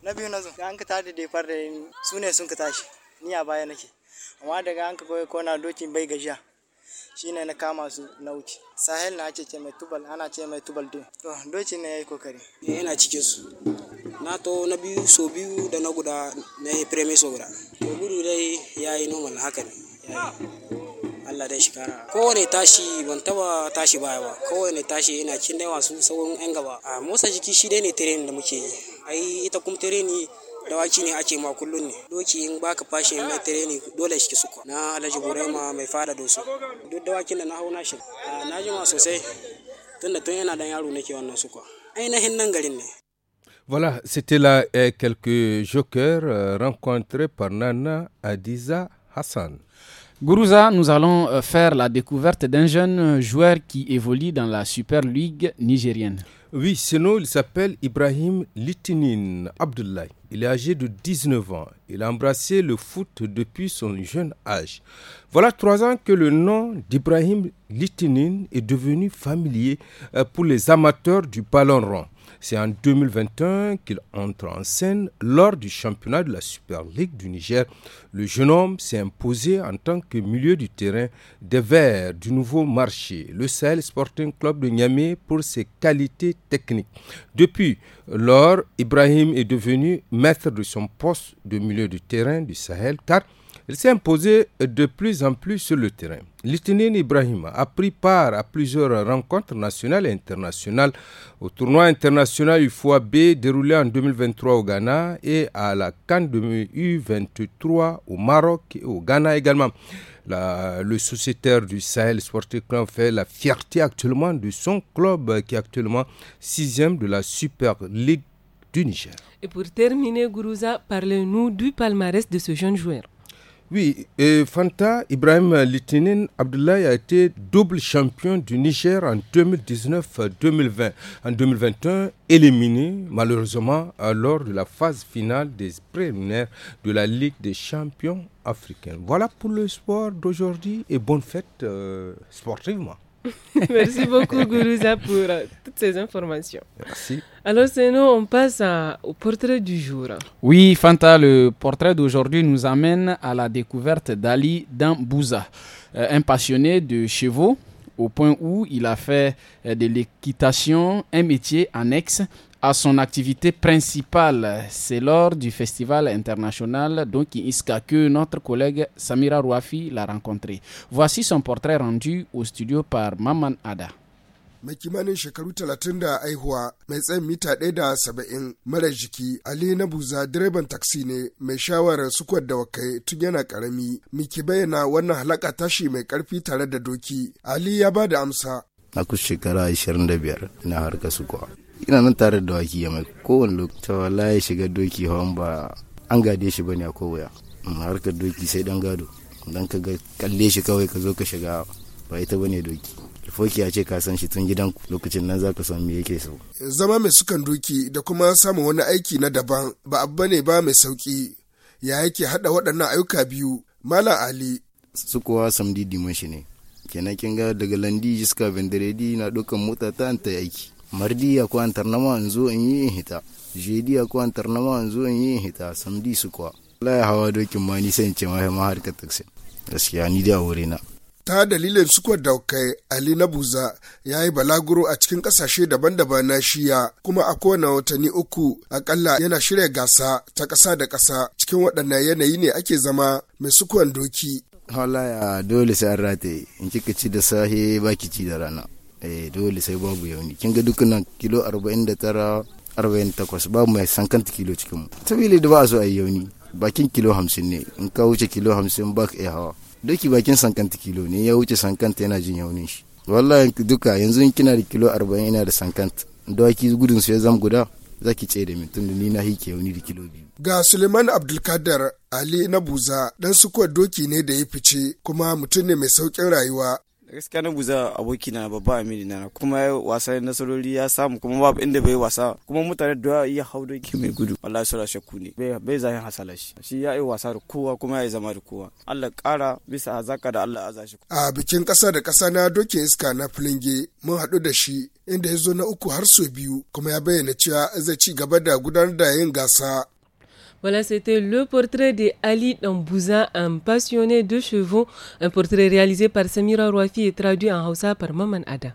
na biyu na zuwa an ka tada da far da su ne sun ka tashi ni a baya nake amma daga an ka koyi kona dokin bai gajiya shine na kama su na wuce sahel na ce mai tubal ana ce mai tubal din to dokin ne yayi kokari yana cikin su na to na biyu so biyu da na guda na yi premier so guda to gudu dai yayi normal haka ne Allah dai shi kara kowane tashi ban taba tashi baya ba kowane tashi yana cin dai wasu sauran yan gaba a motsa jiki shi dai ne training da muke yi ai ita kuma training dawaki ne ake ma kullun ne doki in baka fashe mai training dole shi suko na Alhaji Burema mai fara doso duk dawakin da na hau na shi na sosai tunda tun yana dan yaro nake wannan suko ainihin nan garin ne Voilà, c'était là eh, quelques jokers euh, rencontrés par Nana Adiza Hassan. Gourouza, nous allons euh, faire la découverte d'un jeune joueur qui évolue dans la Super League nigérienne. Oui, sinon il s'appelle Ibrahim Litinin Abdullah. Il est âgé de 19 ans. Il a embrassé le foot depuis son jeune âge. Voilà trois ans que le nom d'Ibrahim Litinin est devenu familier euh, pour les amateurs du ballon rond. C'est en 2021 qu'il entre en scène lors du championnat de la Super League du Niger. Le jeune homme s'est imposé en tant que milieu du terrain des Verts du nouveau marché, le Sahel Sporting Club de Niamey, pour ses qualités techniques. Depuis lors, Ibrahim est devenu maître de son poste de milieu du terrain du Sahel car il s'est imposé de plus en plus sur le terrain. Litinine Ibrahima a pris part à plusieurs rencontres nationales et internationales au tournoi international UFOA B déroulé en 2023 au Ghana et à la Cannes U23 au Maroc et au Ghana également. le sociétaire du Sahel Sporting Club fait la fierté actuellement de son club qui est actuellement sixième de la Super League du Niger. Et pour terminer, Gourouza, parlez-nous du palmarès de ce jeune joueur. Oui, Fanta Ibrahim Litinin Abdoulaye a été double champion du Niger en 2019-2020. En 2021, éliminé malheureusement lors de la phase finale des préliminaires de la Ligue des champions africains. Voilà pour le sport d'aujourd'hui et bonne fête euh, sportivement. Merci beaucoup, Guruza pour euh, toutes ces informations. Merci. Alors, sinon, on passe au portrait du jour. Oui, Fanta, le portrait d'aujourd'hui nous amène à la découverte d'Ali Dambouza, euh, un passionné de chevaux, au point où il a fait euh, de l'équitation un métier annexe à son activité principale. C'est lors du Festival international donc Iska que notre collègue Samira Rouafi l'a rencontré. Voici son portrait rendu au studio par Maman Ada. mai kimanin shekaru talatin da aihuwa mai tsayin mita ɗaya da saba'in mara jiki ali na buza direban taksi ne mai shawarar sukwar da wakai tun yana karami miki bayyana wannan halaka tashi mai karfi tare da doki ali ya ba da amsa na shekara 25 na harka sukuwa ina nan tare da waki ya mai kowane wala ya shiga doki hawan ba an gade shi bane a kowaya harkar doki sai dan gado dan ka kalle shi kawai ka zo ka shiga ba ita bane doki foki ya ce ka san shi tun gidan lokacin nan zaka san me yake so zama mai sukan doki da kuma samun wani aiki na daban ba abu bane ba mai sauki ya yake hada waɗannan ayyuka biyu mala ali su kuwa samdidi mun ne kenan kin ga daga landi jiska venderedi na dukan mota ta ta aiki mardiya ya an tarnama in zo in yi in hita jediya ya kwantar tarnama in zo in yi in hita samdi su kuwa Allah ya hawa dokin ma ni sai in ce mafi ma ka taksi gaskiya ni da wuri na ta dalilin sukuwar daukai ali na buza ya yi balaguro a cikin kasashe daban-daban na shiya kuma a kowane watanni uku akalla yana shirya gasa ta kasa da kasa cikin waɗannan yanayi ne ake zama mai sukuwan doki halaya dole sai an rataye in kika ci da sahe baki ci da rana eh dole sai babu yauni kin ga dukkan kilo 49 48 babu mai kanta kilo cikin mu sabili da ba a so a yi yauni bakin kilo 50 ne in ka wuce kilo 50 ba ka hawa doki bakin kanta kilo ne ya wuce kanta yana jin yaunin shi wallahi duka yanzu in kina da kilo 40 ina da da dawaki gudun su ya zam guda zaki ce da mintun da ni na hike yauni da kilo biyu ga suleiman abdulkadir ali na buza dan sukuwar doki ne da ya fice kuma mutum ne mai saukin rayuwa gaskiya na buza aboki na babba amini na kuma ya wasa nasarori ya samu kuma babu inda bai wasa kuma mutane da ya hau ke mai gudu wallahi sura shakku ne bai zai hasala shi shi ya yi wasa da kowa kuma ya yi zama da kowa Allah kara bisa hazaka da Allah aza a bikin kasa da kasa na doke iska na filinge mun haɗu da shi inda ya zo na uku har so biyu kuma ya bayyana cewa zai ci gaba da gudanar da yin gasa Voilà, c'était le portrait de Ali Dambouza, un passionné de chevaux, un portrait réalisé par Samira Rouafi et traduit en Hausa par Maman Ada.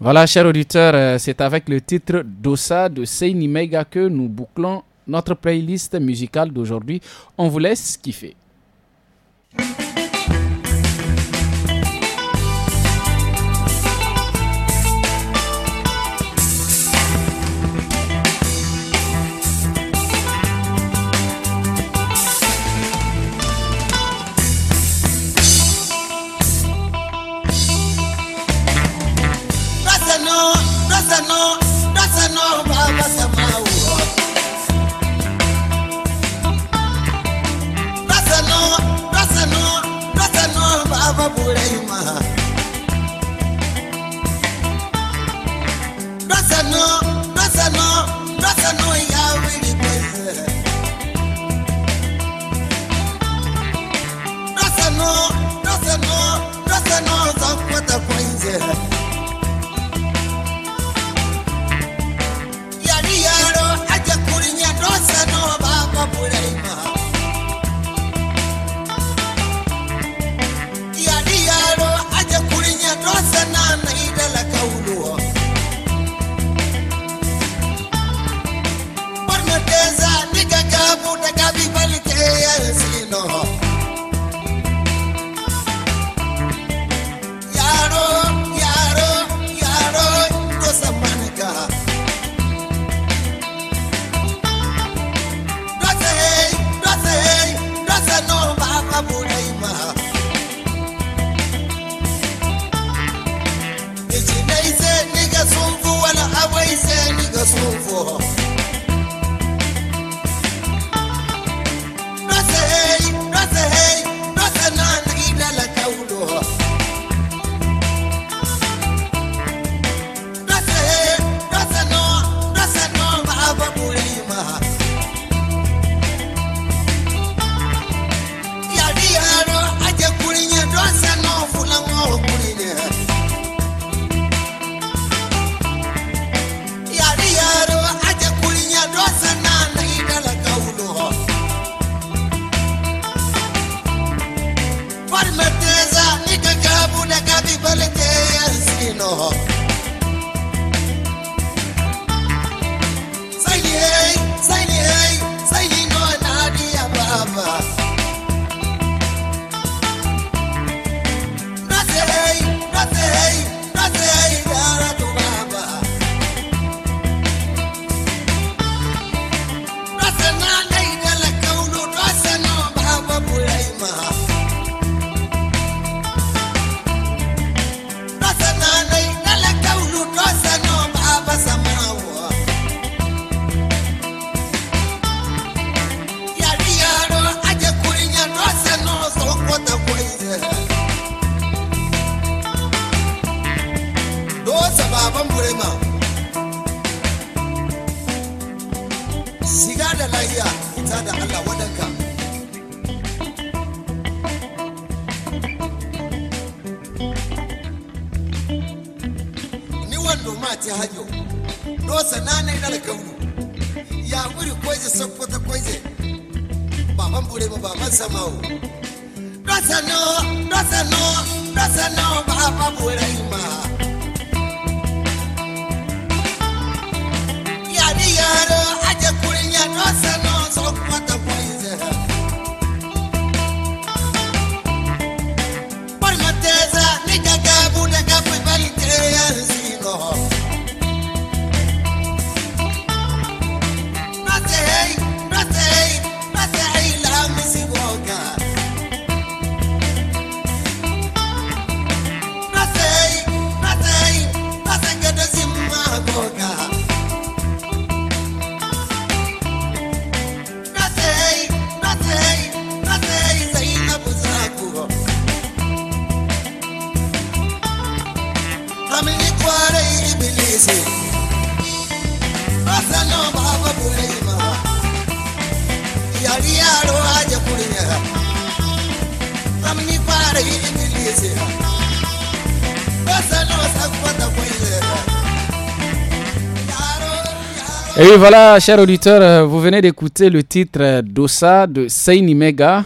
Voilà, chers auditeurs, euh, c'est avec le titre Dossa de Seini Mega que nous bouclons notre playlist musicale d'aujourd'hui. On vous laisse kiffer. Et voilà, chers auditeurs, euh, vous venez d'écouter le titre euh, d'Ossa de Seini Mega.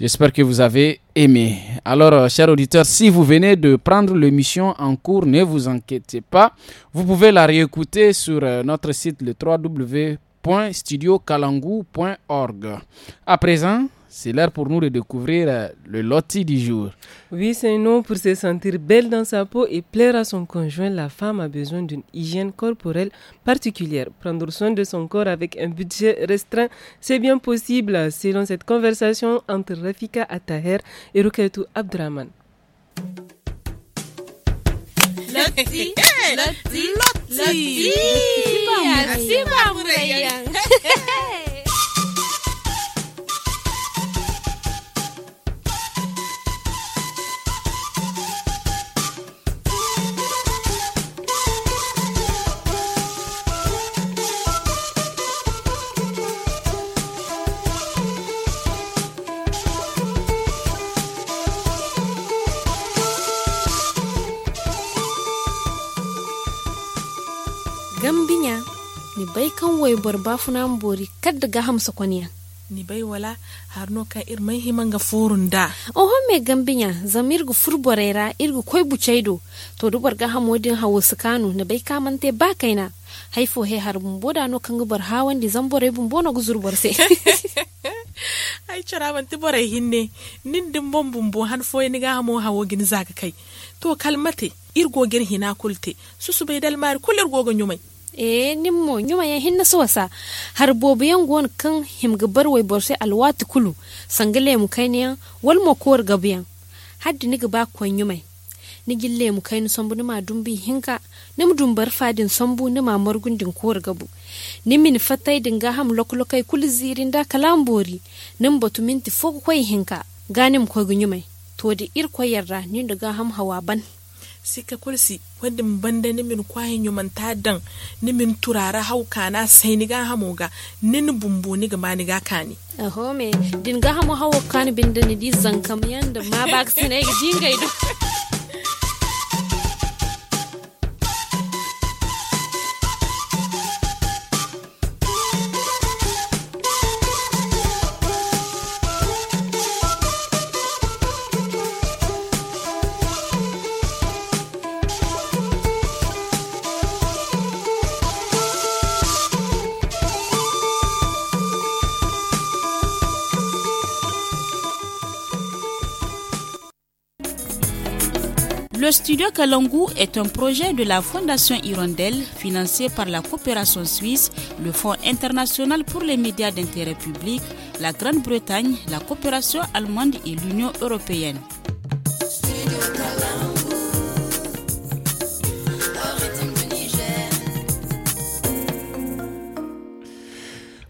J'espère que vous avez aimé. Alors, euh, chers auditeurs, si vous venez de prendre l'émission en cours, ne vous inquiétez pas. Vous pouvez la réécouter sur notre site le www.studiocalangou.org. À présent, c'est l'heure pour nous de découvrir le loti du jour. Oui, c'est nom pour se sentir belle dans sa peau et plaire à son conjoint. La femme a besoin d'une hygiène corporelle particulière. Prendre soin de son corps avec un budget restreint, c'est bien possible, selon cette conversation entre Rafika Attaher et Rukaitu Abdraman. gambinya ni bai kan wai bor bori kadda ga hamsa kwaniya ni bai wala no ka ir mai ga furun da oho me gambinya zamir gu furborera ir gu koy chaido to dubar ga hamodin hawo sukanu ni bay kamante ba kaina haifo he har boda no kan gubar hawan di zambore gu zurbar borse ai chara ban ti bore hinne nin din bon bumbo han foye ni ga hamo hawo gin zaka kai to kalmate irgo hina kulte susu bai dalmar kullir gogon yumai e eh, nimmo nyuma ya hinna suwasa har bobu yan gon kan himgabar wai borse alwati kulu sangale mu kai yan, wal mo kor gabiyan haddi ni gaba kon nyuma ni gille mu kai sombu ni ma dumbi hinka ni mu dumbar fadin sombu ni ma morgun din kor gabu ni min fatai din ga ham kai kulu zirin da kalambori mu batu minti fo kwai hinka ganim ko gunyumai to da ir ra, ni daga ham hawa ban sika kulsi wadin banda nimin kwahin yuman tadan nimin turara hauka na sai ni ga hamo ga nin bumbu ni ga mani ga kani aho me din ga hamo hawo kani bindani di zankam ma ba ka sanai ga jingai Le studio Kalangu est un projet de la Fondation Hirondelle financé par la coopération suisse, le Fonds international pour les médias d'intérêt public, la Grande-Bretagne, la coopération allemande et l'Union européenne.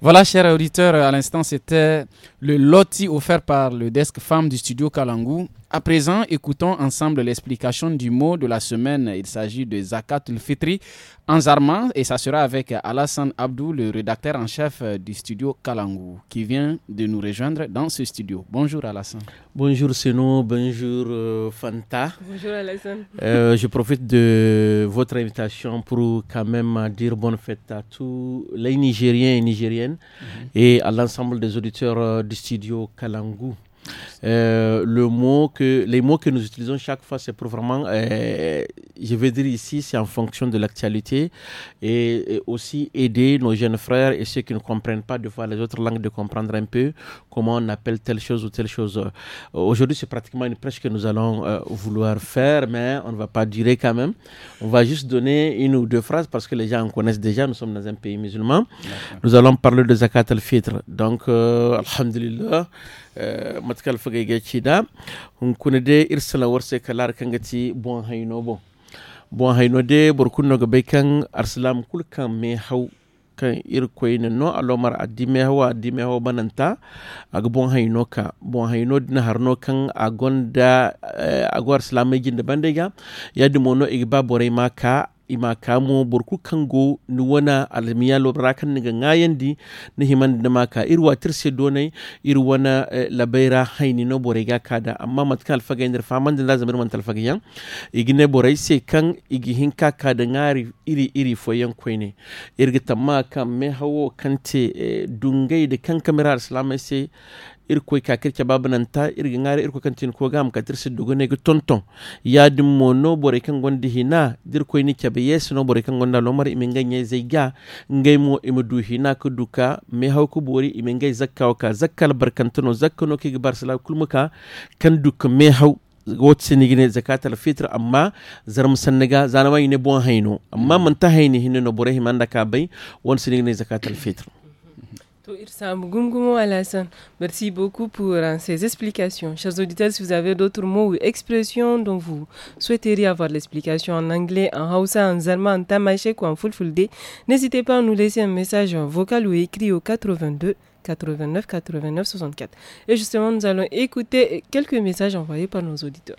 Voilà, chers auditeurs, à l'instant, c'était le loti offert par le desk femme du studio Kalangu. À présent, écoutons ensemble l'explication du mot de la semaine. Il s'agit de Zakat al en Zarma et ça sera avec Alassane Abdou, le rédacteur en chef du studio Kalangou, qui vient de nous rejoindre dans ce studio. Bonjour Alassane. Bonjour Seno, bonjour euh, Fanta. Bonjour Alassane. Euh, je profite de votre invitation pour quand même dire bonne fête à tous les Nigériens et Nigériennes mhm. et à l'ensemble des auditeurs euh, du studio Kalangou. Euh, le mot que, les mots que nous utilisons chaque fois, c'est pour vraiment, euh, je veux dire ici, c'est en fonction de l'actualité et, aussi aider nos jeunes frères et ceux qui ne comprennent pas de voir les autres langues, de comprendre un peu comment on appelle telle chose ou telle chose. Euh, aujourd'hui, c'est pratiquement une prêche que nous allons vouloir faire, mais on ne va pas durer quand même. On va juste donner une ou deux phrases parce que les gens en connaissent déjà. Nous sommes dans un pays musulman. Nous allons parler de Zakat al-Fitr. Donc, Alhamdulillah. Eh, matkal fagai Chida, da hunkuna de irsala warse kalar kan bon haino bon bon haino de ga arsalam kulkan me hau kan no alomar adime hawa adime hawa bananta aga bon hayno ka bon hayno dina harno kan agonda eh, agwar slamay de bandega yadi no igba boray maka ima kamo burku kango ni wana alamiya lobra kan ni ngayandi ni himan da maka irwa tirse donai irwana eh, labaira haini no ga kada amma matkan alfaga indir faman da lazam irman yan igine bore se kan igi hinka kada ngari iri iri fo yan koine irgita ma kan me hawo kante eh, dungai da kan kamera islamai se irko ka kirke babunanta irga ngare irko kantin ko gam ka dugune tonton ya no bore kan gondi hina dirko ni yes no bore kan gonda lomar imin ganye zai ga ngai mo imu du hina duka me haw ku bori imin gai zakka ka zakkal barkantano no ki barsala kulmuka kan duka me haw zakat zakatal fitr amma zaram sanniga zanama yine bon hayno amma hmm. Manta hayni hinno bore himanda ka bay won sinigine zakatal fitr Merci beaucoup pour euh, ces explications. Chers auditeurs, si vous avez d'autres mots ou expressions dont vous souhaiteriez avoir l'explication en anglais, en hausa, en zarma, en tamashek ou en fulfulde, n'hésitez pas à nous laisser un message en vocal ou écrit au 82 89 89 64. Et justement, nous allons écouter quelques messages envoyés par nos auditeurs.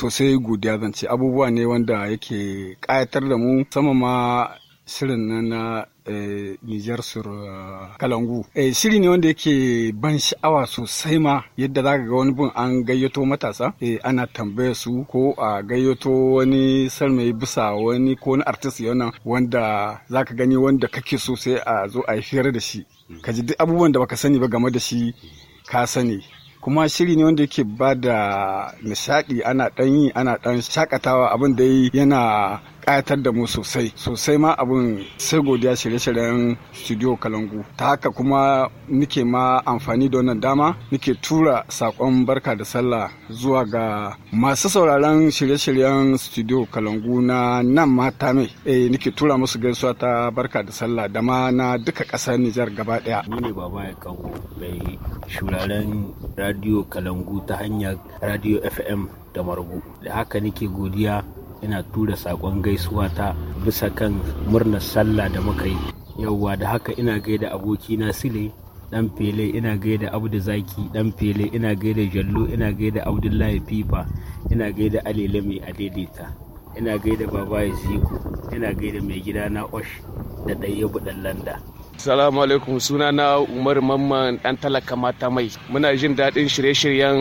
to sai godiya zan ce abubuwa ne wanda yake ƙayatar da mu sama ma shirin na na eh, Nijar sur eh, Kalangu. Eh, shiri ne wanda yake ban sha'awa sosai ma yadda za ga wani bin an gayyato matasa ana tambaya su ko a gayyato wani sarmai bisa wani ko wani artist yana wanda za ka gani wanda kake so sai a zo a yi fiyar da shi. Ka ji duk abubuwan da baka sani ba game da shi ka sani. kuma shiri ne wanda yake ba da nishaɗi ana ɗan yi ana ɗan shakatawa abin da yana kayatar da mu sosai sosai ma abin sai godiya shirye-shiryen studio kalangu ta haka kuma nike ma amfani da wannan dama nike tura sakon barka da sallah zuwa ga masu sauraron shirye-shiryen studio kalangu na nan mata mai e, nike tura musu gaisuwa ta barka da sallah da ma na duka ƙasar Nijar gaba ɗaya. ne baba ya kawo mai shuraren radio kalangu ta hanyar radio FM da margu da haka nake godiya ina tura saƙon gaisuwa ta bisa kan murnar sallah da muka yi yauwa da haka ina gaida abokina sile dan fele ina gaida abu zaki dan fele ina gaida jallo ina gaida abdullahi fifa ina gaida alele mai adaidaita ina gaida baba ya ziku ina gaida mai gida na osh da ɗaya buɗan landa Salamu alaikum suna na Umar Mamman ɗan talaka mata mai. Muna jin daɗin shirye-shiryen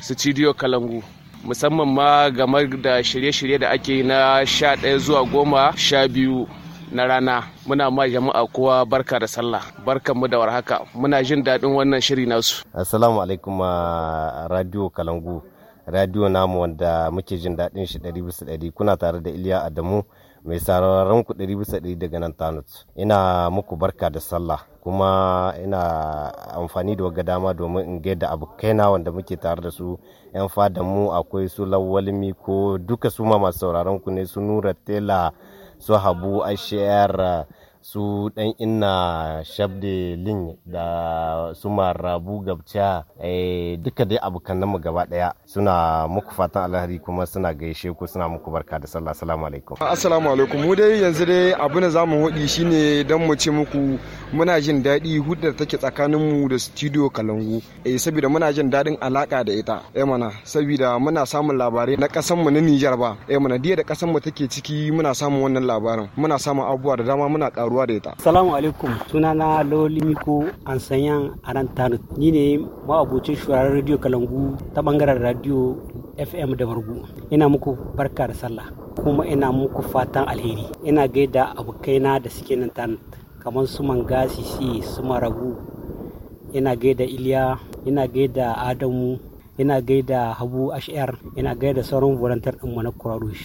Studio Kalangu. musamman ma game da shirye-shirye da ake na sha ɗaya zuwa goma sha biyu na rana muna ma jama'a kowa barka da sallah barkan mu da warhaka muna jin daɗin wannan shiri nasu assalamu alaikum uh, radio kalangu radio namu wanda muke jin daɗin shi ɗari bisa ɗari kuna tare da iliya adamu mai sauraron ku ɗari bisa ɗari daga nan tanut ina muku barka da sallah kuma ina amfani da waga dama domin in gaida na wanda muke tare da su yan fada mu akwai su lawalmi ko duka su ma masu sauraron ku ne su nura tela su habu ashiyar su ɗan inna shabde lin da su marabu Gabca, eh, duka dai abokan namu gaba ɗaya suna muku fatan alheri kuma suna gaishe ku suna muku barka da sallah assalamu alaikum assalamu alaikum mu dai yanzu dai abu na zamu hudi shine dan mu ce muku muna jin daɗi hudar take tsakanin mu da studio kalangu eh saboda muna jin daɗin alaka da ita eh mana saboda muna samun labarai na ƙasar mu na Nijar ba eh mana da ƙasar mu take ciki muna samun wannan labarin muna samun abubuwa da dama muna ƙaru. faruwa da ita salamu alaikum sunana lawali miko ansanyan aran ni ne ma'abocin shuraren radio kalangu ta bangaren radio fm da Bargu. ina muku barka da sallah kuma ina muku fatan alheri ina gaida abokaina da suke nan tanut kamar su Mangasi si su maragu ina gaida iliya ina gaida adamu ina gaida habu hr ina gaida sauran volantar ɗin na kurarushi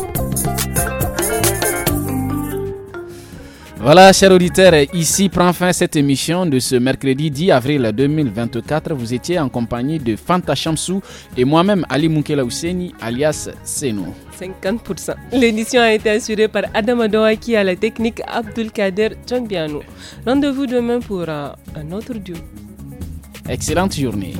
Voilà, chers auditeurs, ici prend fin cette émission de ce mercredi 10 avril 2024. Vous étiez en compagnie de Fanta Chamsou et moi-même Ali Moukela Ouseni, alias Seno. 50%. L'édition a été assurée par Adam qui à la technique Abdulkader Tchangbiano. Rendez-vous demain pour euh, un autre duo. Excellente journée.